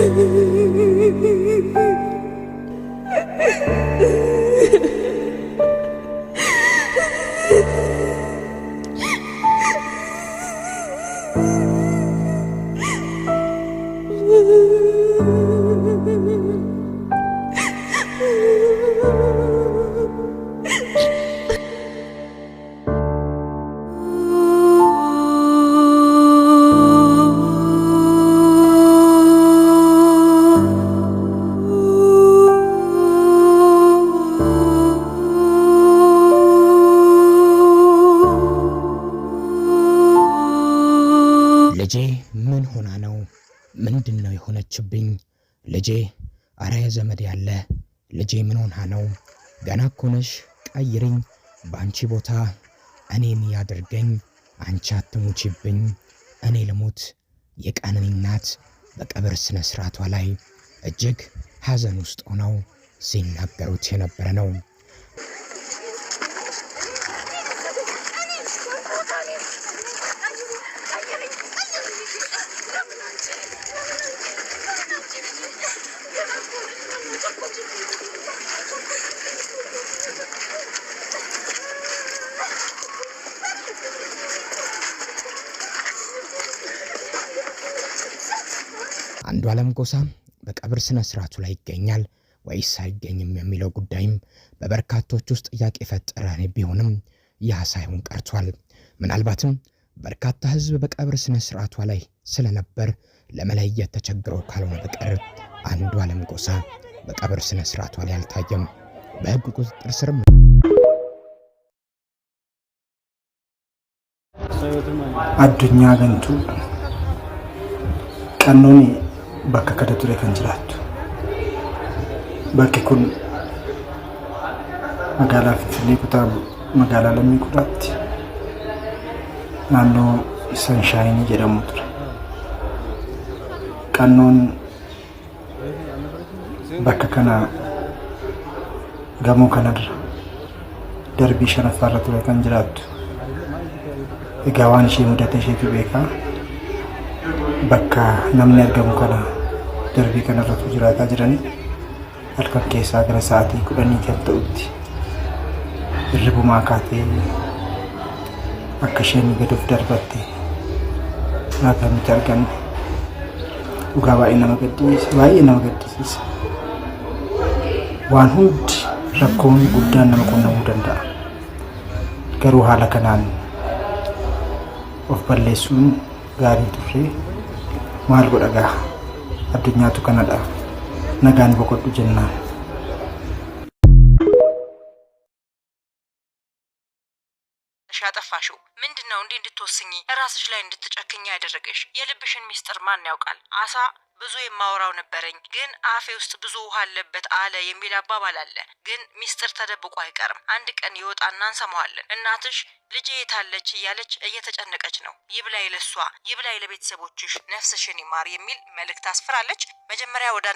Thank you. ምንድን ነው የሆነችብኝ? ልጄ አራየ ዘመድ ያለ ልጄ ምን ሆና ነው? ገና እኮ ነሽ። ቀይርኝ። በአንቺ ቦታ እኔን ያድርገኝ። አንቺ አትሙችብኝ፣ እኔ ልሙት። የቀነኒ እናት በቀብር ስነ ስርዓቷ ላይ እጅግ ሐዘን ውስጥ ሆነው ሲናገሩት የነበረ ነው። አለም ጎሳ በቀብር ስነ ስርዓቱ ላይ ይገኛል ወይስ አይገኝም የሚለው ጉዳይም በበርካቶች ውስጥ ጥያቄ የፈጠረ ቢሆንም ያ ሳይሆን ቀርቷል። ምናልባትም በርካታ ህዝብ በቀብር ስነ ስርዓቷ ላይ ስለነበር ለመለየት ተቸግረው ካልሆነ በቀር አለም ጎሳ በቀብር ስነ ስርዓቷ ላይ አልታየም። በህግ ቁጥጥር ስርም አዱኛ ገንቱ ቀኖኔ bakka kana ture kan jiraattu. Bakki kun magaalaa Finfinnee kutaa magaalaa lammii kudhaatti naannoo Sanshaayinii jedhamu ture. Qannoon bakka kana gamoo kanarra darbii shanaffaarra ture kan jiraattu. Egaa waan ishee mudate isheetu beekaa. Bakka namni argamu kana darbii kanarratti jiraataa jiranii halkan keessaa gara sa'aatii kudhanii kan ta'utti hirribumaa kaatee akka isheen gaduuf darbatte akka nuti arganne dhugaa baay'ee nama gaddisiisa baay'ee nama gaddisiisa waan hundi rakkoon guddaan nama qunnamuu danda'a garuu haala kanaan of balleessuun gaarii turre maal godha gaha addunyaatu kanadha nagaan boqodhu jenna. ያጠፋሽው ምንድን ነው? እንዲህ እንድትወስኝ ራስሽ ላይ እንድትጨክኝ ያደረገሽ የልብሽን ሚስጥር ማን ያውቃል? አሳ ብዙ የማወራው ነበረኝ፣ ግን አፌ ውስጥ ብዙ ውሃ አለበት አለ የሚል አባባል አለ። ግን ሚስጥር ተደብቆ አይቀርም። አንድ ቀን ይወጣና እንሰማዋለን። እናትሽ ልጄ የታለች እያለች እየተጨነቀች ነው። ይብላይ ለሷ፣ ይብላይ ለቤተሰቦችሽ፣ ነፍስሽን ይማር የሚል መልእክት አስፍራለች። መጀመሪያ ወደ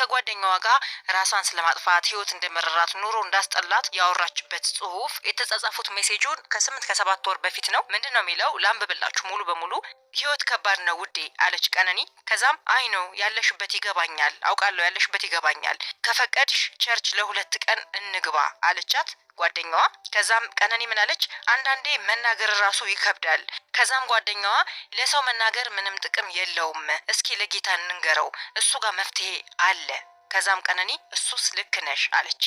ከጓደኛዋ ጋር ራሷን ስለማጥፋት ህይወት እንደመረራት ኑሮ እንዳስጠላት ያወራችበት ጽሁፍ የተጻጻፉት ሜሴጁን ከስምንት ከሰባት ወር በፊት ነው። ምንድን ነው የሚለው ላንብብላችሁ ሙሉ በሙሉ። ህይወት ከባድ ነው ውዴ አለች ቀነኒ። ከዛም አይ ነው ነው ያለሽበት ይገባኛል፣ አውቃለሁ ያለሽበት ይገባኛል። ከፈቀድሽ ቸርች ለሁለት ቀን እንግባ አለቻት ጓደኛዋ። ከዛም ቀነኒ ምን አለች? አንዳንዴ መናገር ራሱ ይከብዳል። ከዛም ጓደኛዋ ለሰው መናገር ምንም ጥቅም የለውም፣ እስኪ ለጌታ እንንገረው፣ እሱ ጋር መፍትሄ አለ። ከዛም ቀነኒ እሱስ ልክ ነሽ አለች።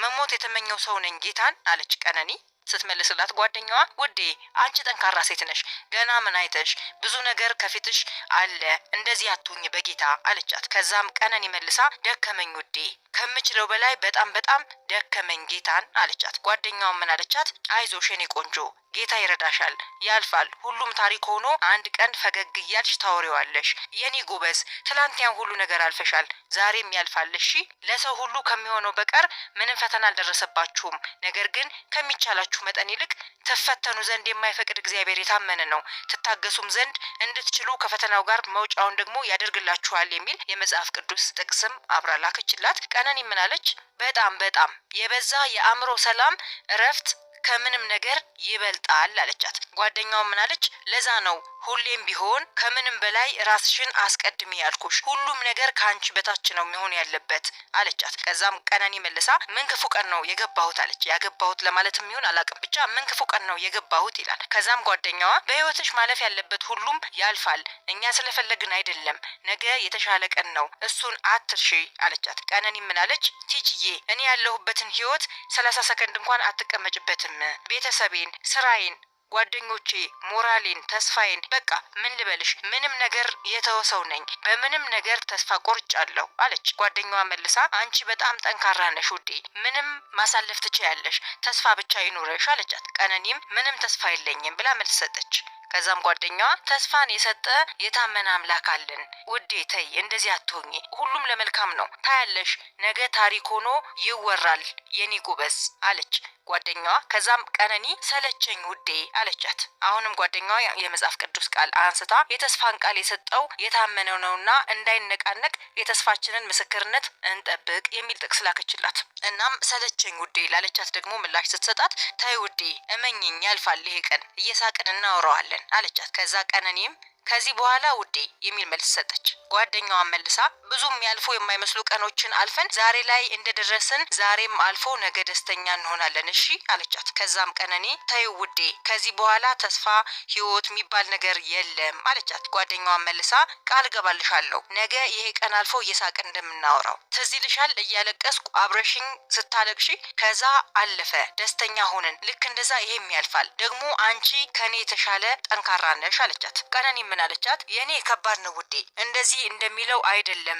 መሞት የተመኘው ሰው ነኝ ጌታን አለች ቀነኒ። ስትመልስላት ጓደኛዋ ውዴ አንቺ ጠንካራ ሴት ነሽ፣ ገና ምን አይተሽ ብዙ ነገር ከፊትሽ አለ፣ እንደዚህ አትሁኝ በጌታ አለቻት። ከዛም ቀነኒ መልሳ ደከመኝ ውዴ፣ ከምችለው በላይ በጣም በጣም ደከመኝ ጌታን አለቻት። ጓደኛዋ ምን አለቻት? አይዞሽ የኔ ቆንጆ ጌታ ይረዳሻል፣ ያልፋል። ሁሉም ታሪክ ሆኖ አንድ ቀን ፈገግ እያልሽ ታወሪዋለሽ። የኔ ጎበዝ፣ ትላንት ያን ሁሉ ነገር አልፈሻል፣ ዛሬም ያልፋል። እሺ፣ ለሰው ሁሉ ከሚሆነው በቀር ምንም ፈተና አልደረሰባችሁም። ነገር ግን ከሚቻላችሁ መጠን ይልቅ ትፈተኑ ዘንድ የማይፈቅድ እግዚአብሔር የታመነ ነው፣ ትታገሱም ዘንድ እንድትችሉ ከፈተናው ጋር መውጫውን ደግሞ ያደርግላችኋል የሚል የመጽሐፍ ቅዱስ ጥቅስም አብራ ላከችላት። ቀነኒ ምናለች? በጣም በጣም የበዛ የአእምሮ ሰላም እረፍት ከምንም ነገር ይበልጣል አለቻት። ጓደኛው ምን አለች? ለዛ ነው ሁሌም ቢሆን ከምንም በላይ ራስሽን አስቀድሚ ያልኩሽ፣ ሁሉም ነገር ከአንቺ በታች ነው መሆን ያለበት አለቻት። ከዛም ቀነኒ መልሳ ምን ክፉ ቀን ነው የገባሁት አለች። ያገባሁት ለማለት የሚሆን አላቅም፣ ብቻ ምን ክፉ ቀን ነው የገባሁት ይላል። ከዛም ጓደኛዋ በህይወትሽ ማለፍ ያለበት ሁሉም ያልፋል፣ እኛ ስለፈለግን አይደለም፣ ነገ የተሻለ ቀን ነው፣ እሱን አትርሺ አለቻት። ቀነኒ ምን አለች? ቲጂዬ እኔ ያለሁበትን ህይወት ሰላሳ ሰከንድ እንኳን አትቀመጭበትም አልችልም። ቤተሰቤን፣ ስራዬን ጓደኞቼ ሞራሌን፣ ተስፋዬን በቃ ምን ልበልሽ፣ ምንም ነገር የተወሰው ነኝ። በምንም ነገር ተስፋ ቆርጫለሁ አለች። ጓደኛዋ መልሳ አንቺ በጣም ጠንካራ ነሽ ውዴ፣ ምንም ማሳለፍ ትችያለሽ፣ ተስፋ ብቻ ይኑረሽ አለቻት። ቀነኒም ምንም ተስፋ የለኝም ብላ መልስ ሰጠች። ከዛም ጓደኛዋ ተስፋን የሰጠ የታመነ አምላክ አለን ውዴ፣ ተይ እንደዚህ አትሆኚ፣ ሁሉም ለመልካም ነው ታያለሽ፣ ነገ ታሪክ ሆኖ ይወራል የኔ ጎበዝ አለች። ጓደኛዋ። ከዛም ቀነኒ ሰለቸኝ ውዴ አለቻት። አሁንም ጓደኛዋ የመጽሐፍ ቅዱስ ቃል አንስታ የተስፋን ቃል የሰጠው የታመነው ነውና እንዳይነቃነቅ የተስፋችንን ምስክርነት እንጠብቅ የሚል ጥቅስ ላከችላት። እናም ሰለቸኝ ውዴ ላለቻት ደግሞ ምላሽ ስትሰጣት ታይ ውዴ እመኝኝ ያልፋል ይሄ ቀን እየሳቅን እናውረዋለን አለቻት። ከዛ ቀነኒም ከዚህ በኋላ ውዴ የሚል መልስ ሰጠች። ጓደኛዋን መልሳ ብዙ የሚያልፉ የማይመስሉ ቀኖችን አልፈን ዛሬ ላይ እንደደረስን ዛሬም አልፎ ነገ ደስተኛ እንሆናለን፣ እሺ አለቻት። ከዛም ቀነኔ ተይ ውዴ፣ ከዚህ በኋላ ተስፋ ህይወት የሚባል ነገር የለም አለቻት። ጓደኛዋን መልሳ ቃል ገባልሻለሁ ነገ ይሄ ቀን አልፎ እየሳቅን እንደምናወራው ትዝ ይልሻል እያለቀስኩ አብረሽኝ ስታለቅሺ፣ ከዛ አለፈ ደስተኛ ሆነን ልክ እንደዛ ይሄም ያልፋል። ደግሞ አንቺ ከኔ የተሻለ ጠንካራ ነሽ አለቻት። ቀነኔ ምን አለቻት? የእኔ ከባድ ነው ውዴ፣ እንደዚህ እንደሚለው አይደለም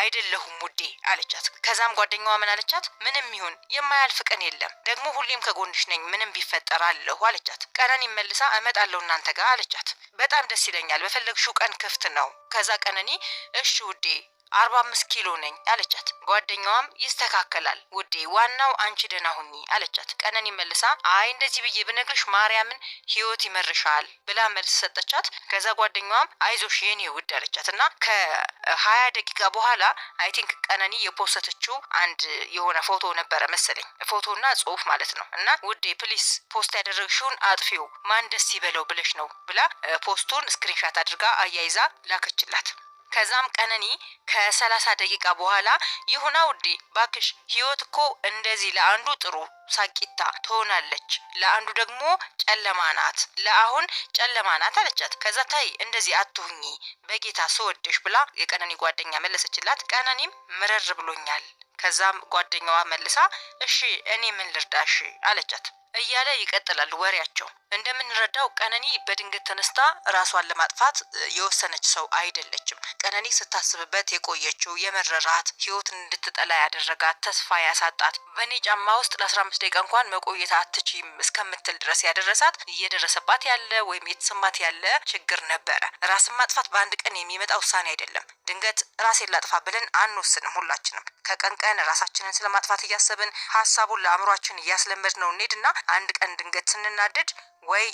አይደለሁም ውዴ አለቻት። ከዛም ጓደኛዋ ምን አለቻት? ምንም ይሁን የማያልፍ ቀን የለም፣ ደግሞ ሁሌም ከጎንሽ ነኝ፣ ምንም ቢፈጠር አለሁ አለቻት። ቀነኒ መልሳ እመጣለሁ እናንተ ጋር አለቻት። በጣም ደስ ይለኛል፣ በፈለግሽው ቀን ክፍት ነው። ከዛ ቀነኒ እሺ ውዴ አርባ አምስት ኪሎ ነኝ አለቻት። ጓደኛዋም ይስተካከላል ውዴ፣ ዋናው አንቺ ደህና ሁኚ አለቻት። ቀነኒ መልሳ አይ እንደዚህ ብዬ ብነግርሽ ማርያምን ህይወት ይመርሻል ብላ መልስ ሰጠቻት። ከዛ ጓደኛዋም አይዞሽ የኔ ውድ አለቻት እና ከሀያ ደቂቃ በኋላ አይ ቲንክ ቀነኒ የፖስተችው አንድ የሆነ ፎቶ ነበረ መሰለኝ ፎቶና ጽሁፍ ማለት ነው እና ውዴ ፕሊስ ፖስት ያደረግሽውን አጥፊው ማን ደስ ይበለው ብለሽ ነው ብላ ፖስቱን ስክሪንሻት አድርጋ አያይዛ ላከችላት። ከዛም ቀነኒ ከሰላሳ ደቂቃ በኋላ ይሁና ውዴ ባክሽ፣ ህይወት እኮ እንደዚህ ለአንዱ ጥሩ ሳቂታ ትሆናለች፣ ለአንዱ ደግሞ ጨለማ ናት፣ ለአሁን ጨለማ ናት አለቻት። ከዛ ታይ እንደዚህ አትሁኚ በጌታ ስወድሽ ብላ የቀነኒ ጓደኛ መለሰችላት። ቀነኒም ምርር ብሎኛል። ከዛም ጓደኛዋ መልሳ እሺ እኔ ምን ልርዳሽ አለቻት። እያለ ይቀጥላል ወሬያቸው። እንደምንረዳው ቀነኒ በድንገት ተነስታ ራሷን ለማጥፋት የወሰነች ሰው አይደለችም። ቀነኒ ስታስብበት የቆየችው የመረራት ህይወትን እንድትጠላ ያደረጋት ተስፋ ያሳጣት በእኔ ጫማ ውስጥ ለአስራ ደቂቃ እንኳን መቆየት አትችም እስከምትል ድረስ ያደረሳት እየደረሰባት ያለ ወይም የተሰማት ያለ ችግር ነበረ። ራስን ማጥፋት በአንድ ቀን የሚመጣ ውሳኔ አይደለም። ድንገት ራሴን ላጥፋ ብለን አንወስንም። ሁላችንም ከቀን ቀን ራሳችንን ስለማጥፋት እያሰብን ሀሳቡን ለአእምሯችን እያስለመድ ነው እንሄድና አንድ ቀን ድንገት ስንናደድ ወይ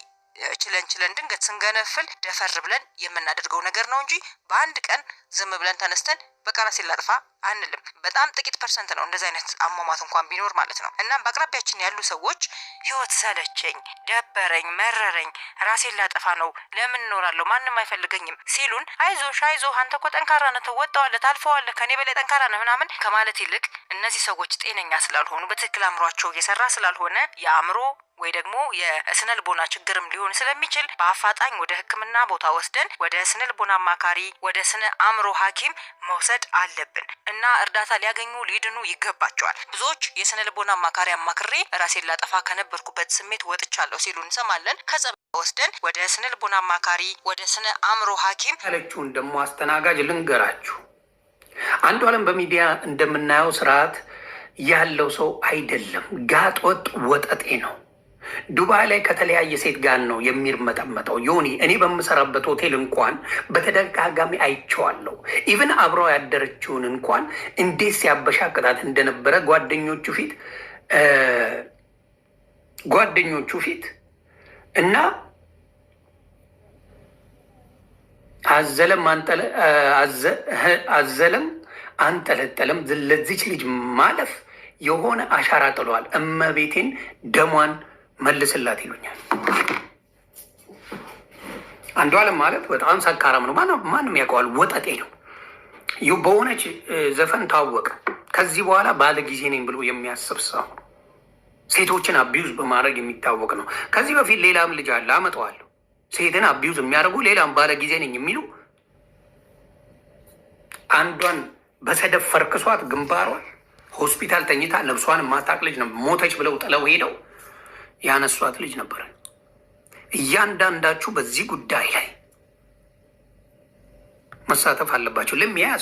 ችለን ችለን ድንገት ስንገነፍል ደፈር ብለን የምናደርገው ነገር ነው እንጂ በአንድ ቀን ዝም ብለን ተነስተን በቃ ራሴን ላጥፋ አንልም። በጣም ጥቂት ፐርሰንት ነው እንደዚህ አይነት አሟሟት እንኳን ቢኖር ማለት ነው። እናም በአቅራቢያችን ያሉ ሰዎች ህይወት ሰለቸኝ፣ ደበረኝ፣ መረረኝ፣ ራሴን ላጠፋ ነው፣ ለምን እኖራለሁ፣ ማንም አይፈልገኝም ሲሉን አይዞሽ፣ አይዞህ፣ አንተ እኮ ጠንካራ ነህ፣ ትወጣዋለህ፣ ታልፈዋለህ፣ ከኔ በላይ ጠንካራ ነህ ምናምን ከማለት ይልቅ እነዚህ ሰዎች ጤነኛ ስላልሆኑ በትክክል አእምሯቸው እየሰራ ስላልሆነ የአእምሮ ወይ ደግሞ የስነ ልቦና ችግርም ሊሆን ስለሚችል በአፋጣኝ ወደ ህክምና ቦታ ወስደን ወደ ስነ ልቦና አማካሪ፣ ወደ ስነ አእምሮ ሐኪም መውሰድ መውሰድ አለብን እና እርዳታ ሊያገኙ ሊድኑ ይገባቸዋል። ብዙዎች የስነ ልቦና አማካሪ አማክሬ ራሴን ላጠፋ ከነበርኩበት ስሜት ወጥቻለሁ ሲሉ እንሰማለን። ከጸብ ወስደን ወደ ስነ ልቦና አማካሪ፣ ወደ ስነ አእምሮ ሐኪም ያለችውን ደግሞ አስተናጋጅ ልንገራችሁ። አንዱ አለም በሚዲያ እንደምናየው ስርዓት ያለው ሰው አይደለም። ጋጥ ወጥ ወጠጤ ነው። ዱባይ ላይ ከተለያየ ሴት ጋር ነው የሚርመጠመጠው። ዮኒ እኔ በምሰራበት ሆቴል እንኳን በተደጋጋሚ አይቼዋለሁ። ኢቨን አብረው ያደረችውን እንኳን እንዴት ሲያበሻቅጣት እንደነበረ ጓደኞቹ ፊት ጓደኞቹ ፊት እና አዘለም አዘለም አንጠለጠለም ለዚች ልጅ ማለፍ የሆነ አሻራ ጥሏል። እመቤቴን ደሟን መልስላት ይሉኛል። አንዱ አለም ማለት በጣም ሰካራም ነው። ማንም ያውቀዋል። ወጠጤ ነው። በሆነች ዘፈን ታወቀ። ከዚህ በኋላ ባለ ጊዜ ነኝ ብሎ የሚያስብ ሰው ሴቶችን አቢዩዝ በማድረግ የሚታወቅ ነው። ከዚህ በፊት ሌላም ልጅ አለ፣ አመጣዋለሁ። ሴትን አቢዩዝ የሚያደርጉ ሌላም ባለ ጊዜ ነኝ የሚሉ አንዷን በሰደፍ ፈርክሷት ግንባሯን ሆስፒታል ተኝታ ነብሷን ማታቅ ልጅ ነው። ሞተች ብለው ጥለው ሄደው ያነሷት ልጅ ነበረ። እያንዳንዳችሁ በዚህ ጉዳይ ላይ መሳተፍ አለባቸው ለሚያያዝ